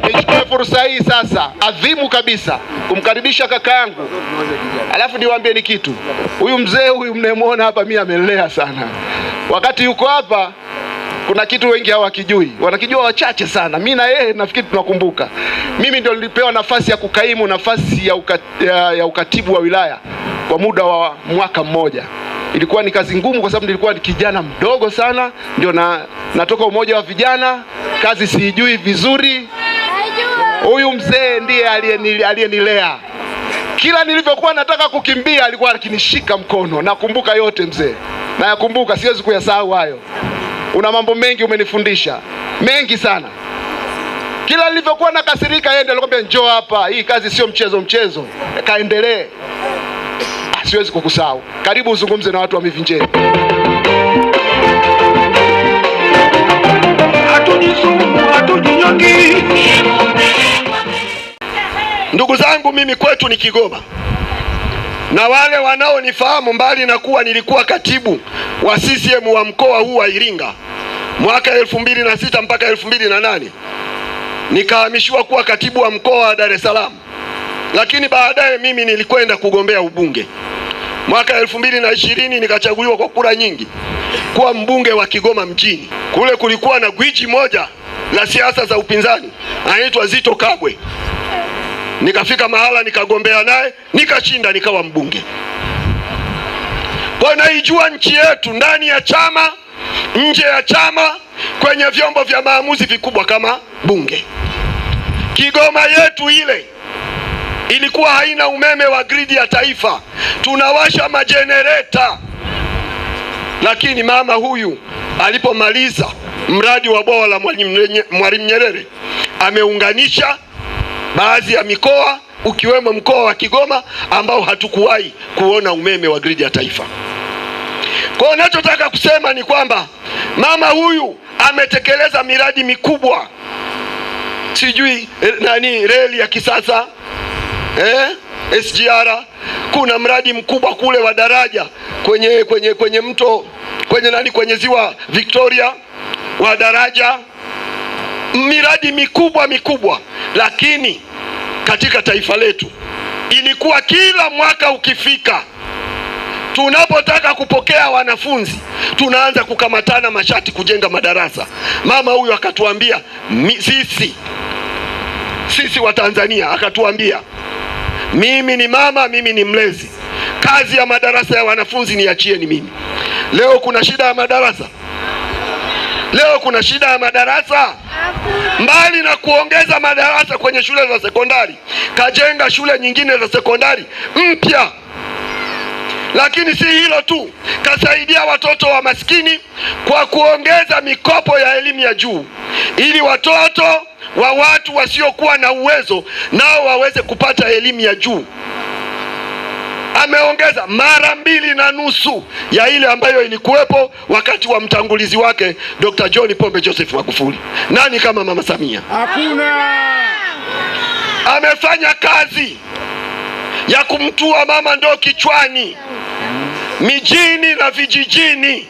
nichukue fursa hii sasa adhimu kabisa kumkaribisha kaka yangu, alafu ni kitu. Huyu mzee huyu mnayemwona hapa, mimi amelea sana. Wakati yuko hapa, kuna kitu wengi hawakijui, wanakijua wachache sana. Mimi na yeye nafikiri tunakumbuka. Mimi ndio nilipewa nafasi ya kukaimu nafasi ya, uka, ya, ya ukatibu wa wilaya kwa muda wa mwaka mmoja. Ilikuwa ni kazi ngumu, kwa sababu nilikuwa kijana mdogo sana, ndio na, natoka umoja wa vijana, kazi siijui vizuri. Huyu mzee ndiye aliyenilea. Kila nilivyokuwa nataka kukimbia alikuwa akinishika mkono. Nakumbuka yote mzee, nayakumbuka, siwezi kuyasahau hayo. Una mambo mengi, umenifundisha mengi sana. Kila nilivyokuwa nakasirika, yeye ndiye alikwambia njoo hapa, hii kazi sio mchezo mchezo, kaendelee siwezi kukusahau. Karibu uzungumze na watu wa Mivinjeni. Ndugu zangu, mimi kwetu ni Kigoma, na wale wanaonifahamu mbali na kuwa nilikuwa katibu wa CCM wa mkoa huu wa Iringa mwaka elfu mbili na sita mpaka elfu mbili na nane nikahamishiwa kuwa katibu wa mkoa wa Dar es Salaam, lakini baadaye mimi nilikwenda kugombea ubunge. Mwaka elfu mbili na ishirini nikachaguliwa kwa kura nyingi kuwa mbunge wa Kigoma mjini. Kule kulikuwa na gwiji moja la siasa za upinzani anaitwa Zito Kabwe. Nikafika mahala nikagombea naye nikashinda, nikawa mbunge. Kwa naijua nchi yetu ndani ya chama, nje ya chama, kwenye vyombo vya maamuzi vikubwa kama bunge. Kigoma yetu ile ilikuwa haina umeme wa gridi ya taifa, tunawasha majenereta. Lakini mama huyu alipomaliza mradi wa bwawa la Mwalimu Nyerere ameunganisha baadhi ya mikoa ukiwemo mkoa wa Kigoma ambao hatukuwahi kuona umeme wa gridi ya taifa. Kwa hiyo kusema ni kwamba mama huyu ametekeleza miradi mikubwa, sijui eh, nani, reli ya kisasa eh, SGR kuna mradi mkubwa kule wa daraja kwenye kwenye kwenye mto kwenye nani kwenye ziwa Victoria wa daraja, miradi mikubwa mikubwa, lakini katika taifa letu ilikuwa kila mwaka ukifika tunapotaka kupokea wanafunzi tunaanza kukamatana mashati kujenga madarasa. Mama huyu akatuambia sisi sisi wa Tanzania akatuambia mimi ni mama, mimi ni mlezi. Kazi ya madarasa ya wanafunzi niachieni mimi. Leo kuna shida ya madarasa? Leo kuna shida ya madarasa? Mbali na kuongeza madarasa kwenye shule za sekondari, kajenga shule nyingine za sekondari mpya. Lakini si hilo tu, kasaidia watoto wa maskini kwa kuongeza mikopo ya elimu ya juu ili watoto wa watu wasiokuwa na uwezo nao waweze kupata elimu ya juu. Ameongeza mara mbili na nusu ya ile ambayo ilikuwepo wakati wa mtangulizi wake Dr. John Pombe Joseph Magufuli. Nani kama Mama Samia? Hakuna. Amefanya kazi ya kumtua mama ndoo kichwani mijini na vijijini.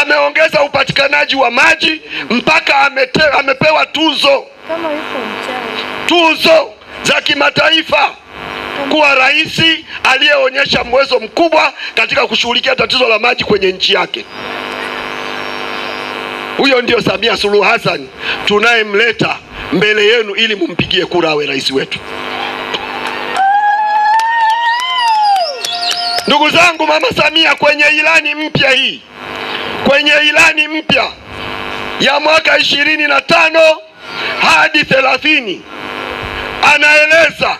Ameongeza upatikanaji wa maji mpaka amete, amepewa tuzo kama yuko mchawi. Tuzo za kimataifa kuwa rais aliyeonyesha mwezo mkubwa katika kushughulikia tatizo la maji kwenye nchi yake. Huyo ndio Samia Suluhu Hassan tunayemleta mbele yenu ili mumpigie kura awe rais wetu. Ndugu zangu, mama Samia kwenye ilani mpya hii, kwenye ilani mpya ya mwaka ishirini na tano hadi thelathini. Anaeleza,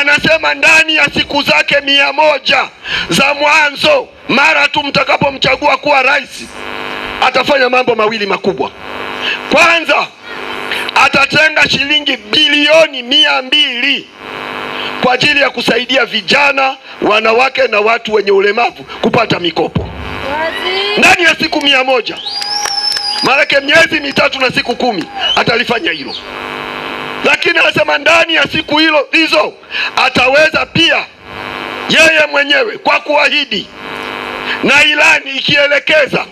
anasema ndani ya siku zake mia moja za mwanzo, mara tu mtakapomchagua kuwa rais, atafanya mambo mawili makubwa. Kwanza, atatenga shilingi bilioni mia mbili kwa ajili ya kusaidia vijana, wanawake na watu wenye ulemavu kupata mikopo ndani ya siku mia moja maanake miezi mitatu na siku kumi atalifanya hilo, lakini anasema ndani ya siku hilo hizo ataweza pia yeye mwenyewe kwa kuahidi na ilani ikielekeza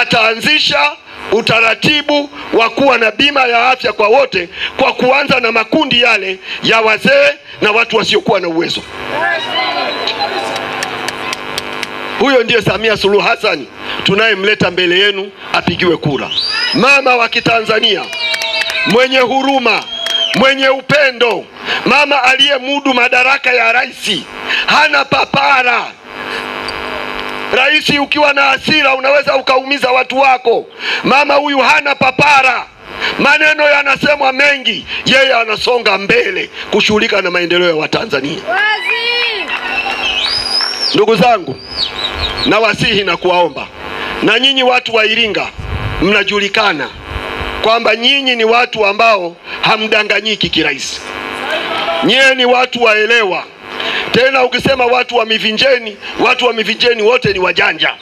ataanzisha utaratibu wa kuwa na bima ya afya kwa wote kwa kuanza na makundi yale ya wazee na watu wasiokuwa na uwezo. Huyo ndiyo Samia Suluhu Hassan tunayemleta mbele yenu apigiwe kura. Mama wa Kitanzania mwenye huruma, mwenye upendo, mama aliyemudu madaraka ya rais, hana papara. Rais ukiwa na hasira unaweza ukaumiza watu wako. Mama huyu hana papara, maneno yanasemwa mengi, yeye anasonga mbele kushughulika na maendeleo ya Watanzania. Ndugu zangu, nawasihi na kuwaomba na nyinyi watu wa Iringa mnajulikana kwamba nyinyi ni watu ambao hamdanganyiki kirahisi. Nyie ni watu waelewa. Tena ukisema watu wa Mivinjeni, watu wa Mivinjeni wote ni wajanja,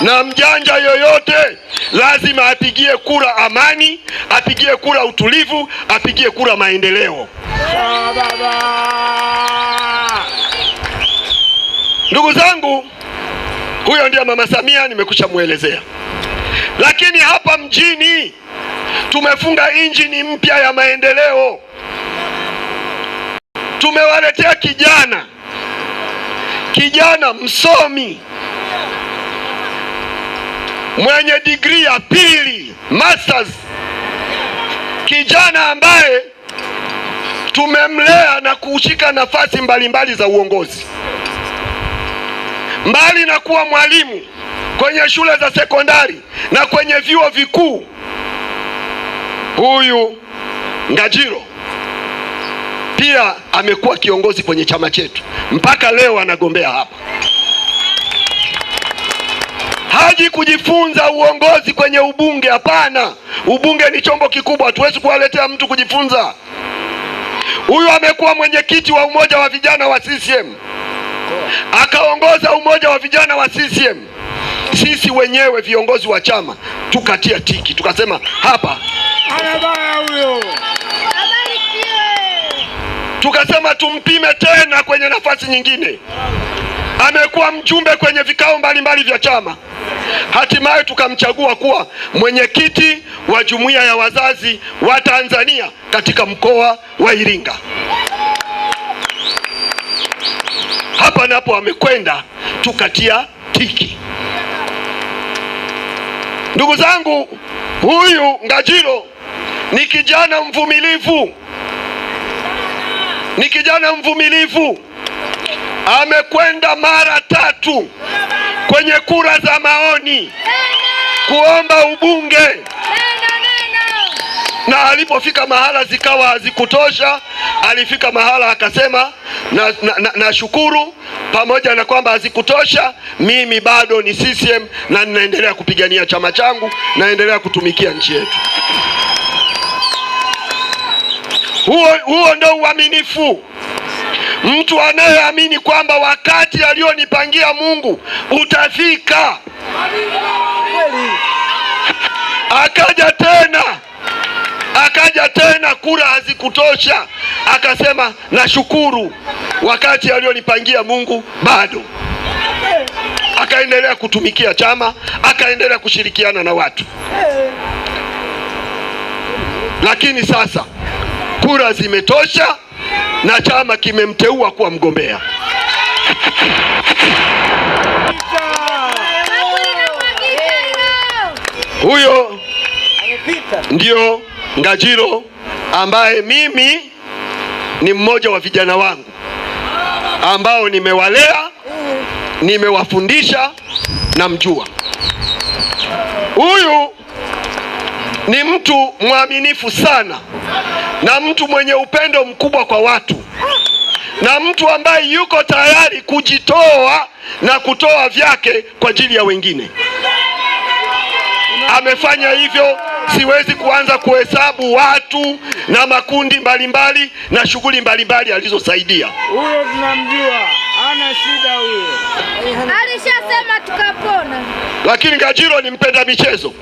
na mjanja yoyote lazima apigie kura amani, apigie kura utulivu, apigie kura maendeleo. Ndugu zangu huyo ndiye mama Samia, nimekusha mwelezea. Lakini hapa mjini tumefunga injini mpya ya maendeleo, tumewaletea kijana kijana msomi mwenye digrii ya pili masters, kijana ambaye tumemlea na kushika nafasi mbalimbali za uongozi. Mbali na kuwa mwalimu kwenye shule za sekondari na kwenye vyuo vikuu, huyu Ngajilo pia amekuwa kiongozi kwenye chama chetu mpaka leo anagombea hapa. Haji kujifunza uongozi kwenye ubunge, hapana. Ubunge ni chombo kikubwa, hatuwezi kuwaletea mtu kujifunza. Huyu amekuwa mwenyekiti wa umoja wa vijana wa CCM akaongoza umoja wa vijana wa CCM. Sisi wenyewe viongozi wa chama tukatia tiki, tukasema hapa, tukasema tumpime tena kwenye nafasi nyingine. Amekuwa mjumbe kwenye vikao mbalimbali vya chama, hatimaye tukamchagua kuwa mwenyekiti wa jumuiya ya wazazi wa Tanzania katika mkoa wa Iringa hapa na hapo wamekwenda, tukatia tiki. Ndugu zangu, huyu Ngajilo ni kijana mvumilivu, ni kijana mvumilivu. Amekwenda mara tatu kwenye kura za maoni kuomba ubunge na alipofika mahala zikawa hazikutosha alifika mahala akasema, nashukuru na, na, na pamoja na kwamba hazikutosha, mimi bado ni CCM na ninaendelea kupigania chama changu, naendelea kutumikia nchi yetu. Huo, huo ndo uaminifu. Mtu anayeamini kwamba wakati alionipangia Mungu utafika, akaja tena tena, kura hazikutosha. Akasema nashukuru, wakati alionipangia Mungu bado. Akaendelea kutumikia chama, akaendelea kushirikiana na watu, lakini sasa kura zimetosha na chama kimemteua kuwa mgombea. Huyo ndio Ngajilo ambaye mimi ni mmoja wa vijana wangu ambao nimewalea, nimewafundisha na mjua. Huyu ni mtu mwaminifu sana na mtu mwenye upendo mkubwa kwa watu na mtu ambaye yuko tayari kujitoa na kutoa vyake kwa ajili ya wengine. Amefanya hivyo siwezi kuanza kuhesabu watu na makundi mbalimbali mbali, na shughuli mbalimbali alizosaidia. Huyo tunamjua ana shida huyo, alishasema tukapona. Lakini Gajiro ni mpenda michezo,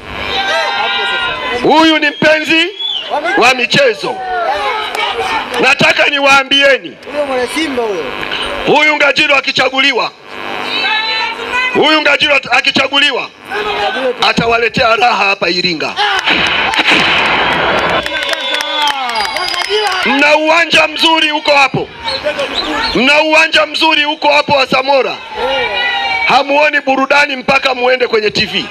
huyu ni mpenzi wa michezo. Nataka niwaambieni huyu Ngajilo akichaguliwa Huyu Ngajilo akichaguliwa atawaletea raha hapa Iringa. Mna uwanja mzuri huko hapo, mna uwanja mzuri huko hapo wa Samora. Hamuoni burudani mpaka muende kwenye TV.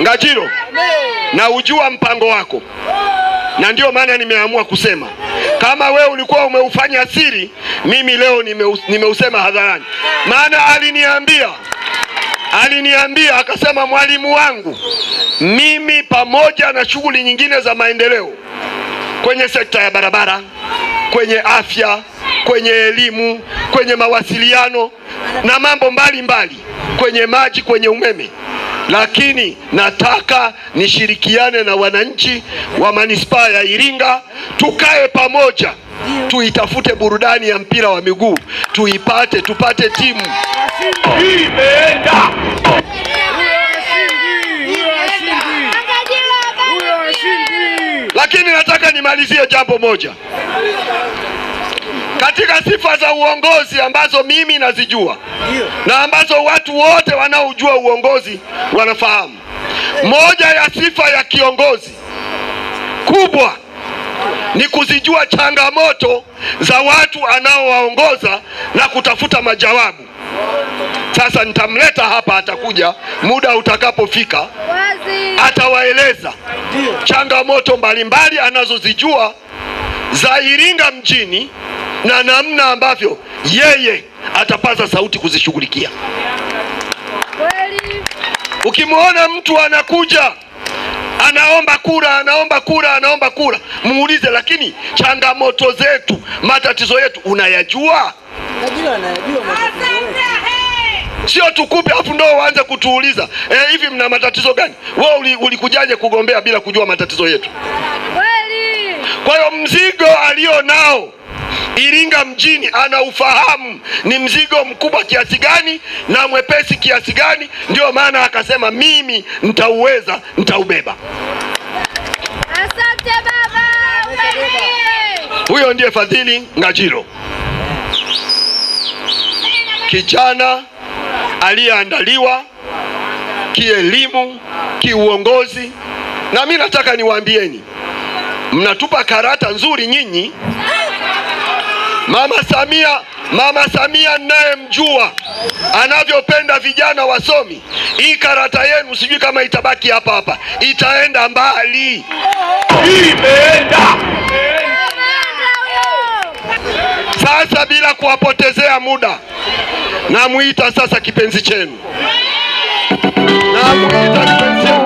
Ngajilo, na ujua mpango wako, na ndiyo maana nimeamua kusema kama wewe ulikuwa umeufanya siri, mimi leo nimeusema hadharani, maana aliniambia aliniambia akasema, mwalimu wangu, mimi pamoja na shughuli nyingine za maendeleo kwenye sekta ya barabara, kwenye afya, kwenye elimu, kwenye mawasiliano na mambo mbalimbali mbali, kwenye maji, kwenye umeme lakini nataka nishirikiane na wananchi wa manispaa ya Iringa, tukae pamoja, tuitafute burudani ya mpira wa miguu, tuipate, tupate timu imeenda lakini nataka nimalizie jambo moja. Katika sifa za uongozi ambazo mimi nazijua na ambazo watu wote wanaojua uongozi wanafahamu, moja ya sifa ya kiongozi kubwa ni kuzijua changamoto za watu anaowaongoza na kutafuta majawabu. Sasa nitamleta hapa, atakuja muda utakapofika, atawaeleza changamoto mbalimbali anazozijua za Iringa mjini na namna ambavyo yeye atapaza sauti kuzishughulikia. Ukimwona mtu anakuja anaomba kura, anaomba kura, anaomba kura, muulize, lakini changamoto zetu, matatizo yetu unayajua? Sio tukupe afu ndo waanze kutuuliza e, hivi mna matatizo gani? We ulikujaje kugombea bila kujua matatizo yetu? Kwa hiyo mzigo alio nao Iringa mjini anaufahamu ni mzigo mkubwa kiasi gani na mwepesi kiasi gani, ndio maana akasema mimi nitauweza, nitaubeba. Asante baba. Huyo ndiye Fadhili Ngajilo, kijana aliyeandaliwa kielimu, kiuongozi. Na mimi nataka niwaambieni, mnatupa karata nzuri nyinyi Mama Samia, Mama Samia ninayemjua anavyopenda vijana wasomi, hii karata yenu sijui kama itabaki hapa hapa, itaenda mbali, imeenda sasa. Bila kuwapotezea muda, namwita sasa kipenzi chenu, namwita kipenzi chenu.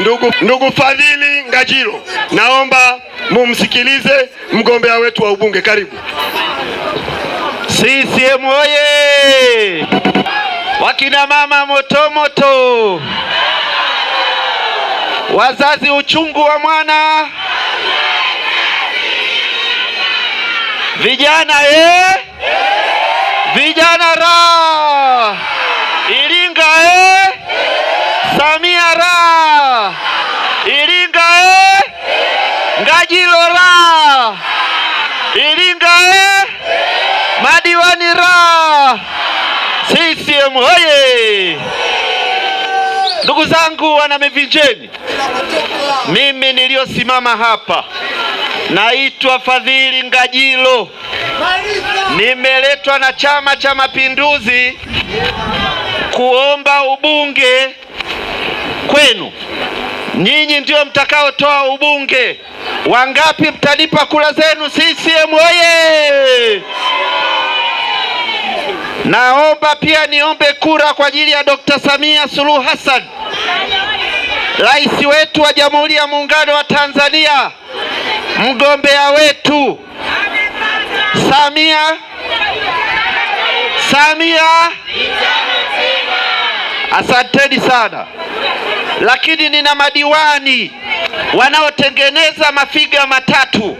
Ndugu, ndugu Fadhili Ngajilo, naomba mumsikilize mgombea wetu wa ubunge. Karibu. CCM oye! Wakina mama moto moto, wazazi uchungu wa mwana, vijana ye, eh? vijana ra Majilo ra Iringa e madiwani ra CCM hoye! Ndugu zangu wana Mivinjeni, mimi niliyosimama hapa naitwa Fadhili Ngajilo, nimeletwa na Chama cha Mapinduzi kuomba ubunge kwenu. Nyinyi ndio mtakaotoa ubunge. Wangapi mtanipa kura zenu? CCM oye! Naomba pia niombe kura kwa ajili ya Dr. Samia Suluhu Hassan, rais wetu wa Jamhuri ya Muungano wa Tanzania, mgombea wetu Samia Samia Asanteni sana. Lakini nina madiwani wanaotengeneza mafiga matatu,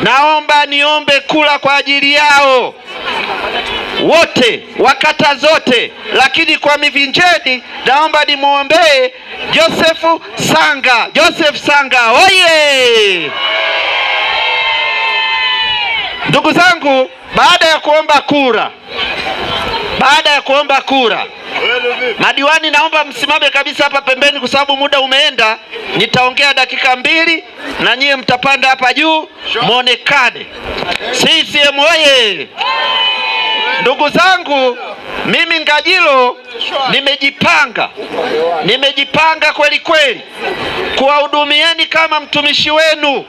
naomba niombe kula kwa ajili yao wote wakata zote, lakini kwa Mivinjeni naomba nimwombee Joseph Sanga. Joseph Sanga oye! Ndugu zangu, baada ya kuomba kura, baada ya kuomba kura Madiwani, naomba msimame kabisa hapa pembeni, kwa sababu muda umeenda. Nitaongea dakika mbili na nyie mtapanda hapa juu mwonekane. CCM oye! Ndugu zangu, mimi Ngajilo nimejipanga, nimejipanga kweli kweli kuwahudumieni kama mtumishi wenu.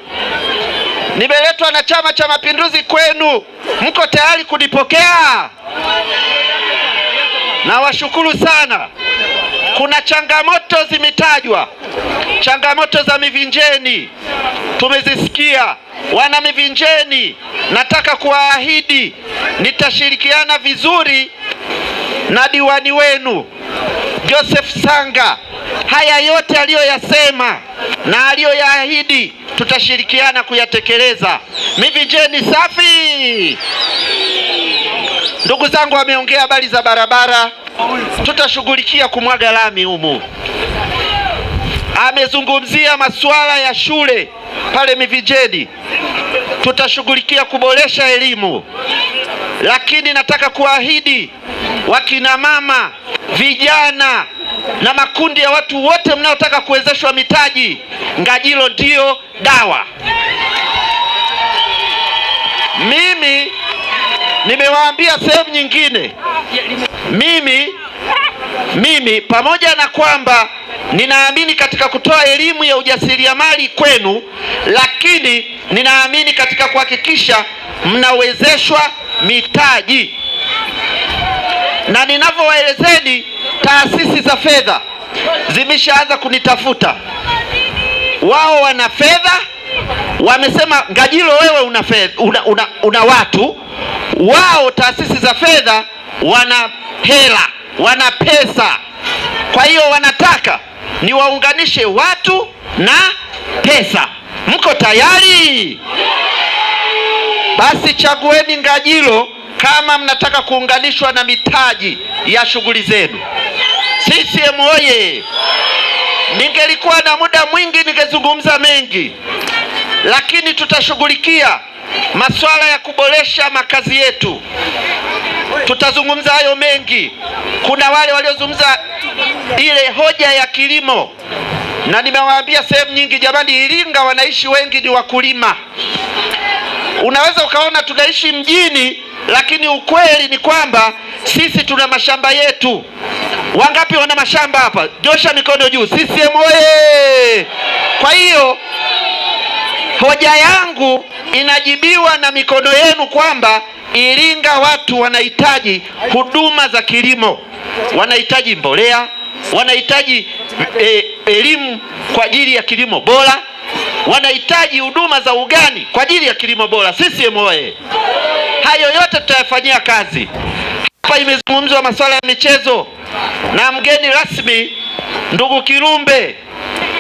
Nimeletwa na Chama cha Mapinduzi kwenu, mko tayari kunipokea? Nawashukuru sana. Kuna changamoto zimetajwa, changamoto za Mivinjeni tumezisikia. Wana Mivinjeni, nataka kuwaahidi nitashirikiana vizuri na diwani wenu Joseph Sanga. Haya yote aliyoyasema na aliyoyaahidi tutashirikiana kuyatekeleza. Mivinjeni safi! Ndugu zangu wameongea habari za barabara, tutashughulikia kumwaga lami humu. Amezungumzia masuala ya shule pale Mivijeni, tutashughulikia kuboresha elimu. Lakini nataka kuahidi wakina mama, vijana na makundi ya watu wote mnaotaka kuwezeshwa mitaji, Ngajilo ndio dawa. Mimi Nimewaambia sehemu nyingine, mimi mimi pamoja na kwamba ninaamini katika kutoa elimu ya ujasiriamali kwenu, lakini ninaamini katika kuhakikisha mnawezeshwa mitaji, na ninavyowaelezeni taasisi za fedha zimeshaanza kunitafuta. Wao wana fedha, wamesema Ngajilo, wewe una, fedha, una, una, una watu wao taasisi za fedha wana hela, wana pesa. Kwa hiyo wanataka niwaunganishe watu na pesa. Mko tayari? Basi chagueni Ngajilo kama mnataka kuunganishwa na mitaji ya shughuli zenu. CCM oye! Ningelikuwa na muda mwingi ningezungumza mengi, lakini tutashughulikia masuala ya kuboresha makazi yetu, tutazungumza hayo mengi. Kuna wale waliozungumza ile hoja ya kilimo, na nimewaambia sehemu nyingi, jamani, Iringa wanaishi wengi ni wakulima. Unaweza ukaona tunaishi mjini, lakini ukweli ni kwamba sisi tuna mashamba yetu. Wangapi wana mashamba hapa? Josha mikono juu. CCM oye! Kwa hiyo Hoja yangu inajibiwa na mikono yenu kwamba Iringa watu wanahitaji huduma za kilimo, wanahitaji mbolea, wanahitaji e, elimu kwa ajili ya kilimo bora, wanahitaji huduma za ugani kwa ajili ya kilimo bora. CCM oyee! Hayo yote tutayafanyia kazi. Hapa imezungumzwa masuala ya michezo na mgeni rasmi ndugu Kilumbe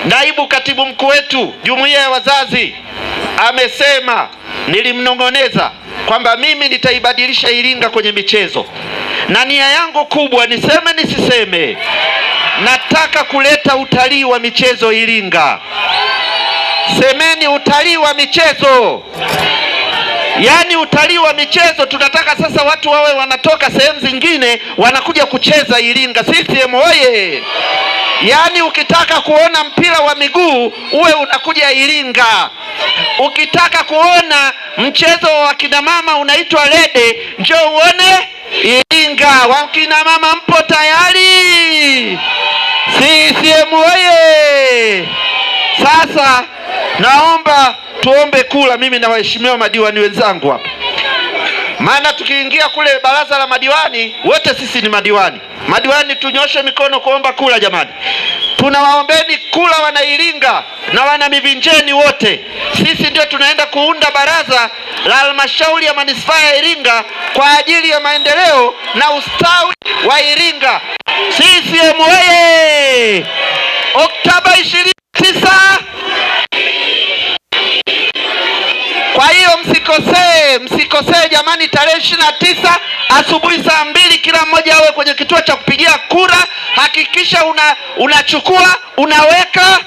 Naibu katibu mkuu wetu jumuiya ya wazazi amesema, nilimnong'oneza kwamba mimi nitaibadilisha Iringa kwenye michezo, na nia yangu kubwa, niseme nisiseme, nataka kuleta utalii wa michezo Iringa. Semeni utalii wa michezo. Yaani utalii wa michezo tunataka sasa watu wawe wanatoka sehemu zingine wanakuja kucheza Iringa. CCM oye! Yaani ukitaka kuona mpira wa miguu uwe unakuja Iringa. Ukitaka kuona mchezo wa kinamama unaitwa lede, njoo uone Iringa. Wakinamama mpo tayari? CCM oye! Sasa Naomba tuombe kula, mimi na waheshimiwa madiwani wenzangu hapa, maana tukiingia kule baraza la madiwani, wote sisi ni madiwani. Madiwani tunyoshe mikono kuomba kula, jamani. Tunawaombeni kula wanailinga na wana Mivinjeni wote, sisi ndio tunaenda kuunda baraza la halmashauri ya manispaa ya Iringa kwa ajili ya maendeleo na ustawi wa Iringa. CCM oye! Oktoba 29 hiyo msikosee, msikosee jamani, tarehe ishirini na tisa asubuhi saa mbili, kila mmoja awe kwenye kituo cha kupigia kura. Hakikisha una unachukua unaweka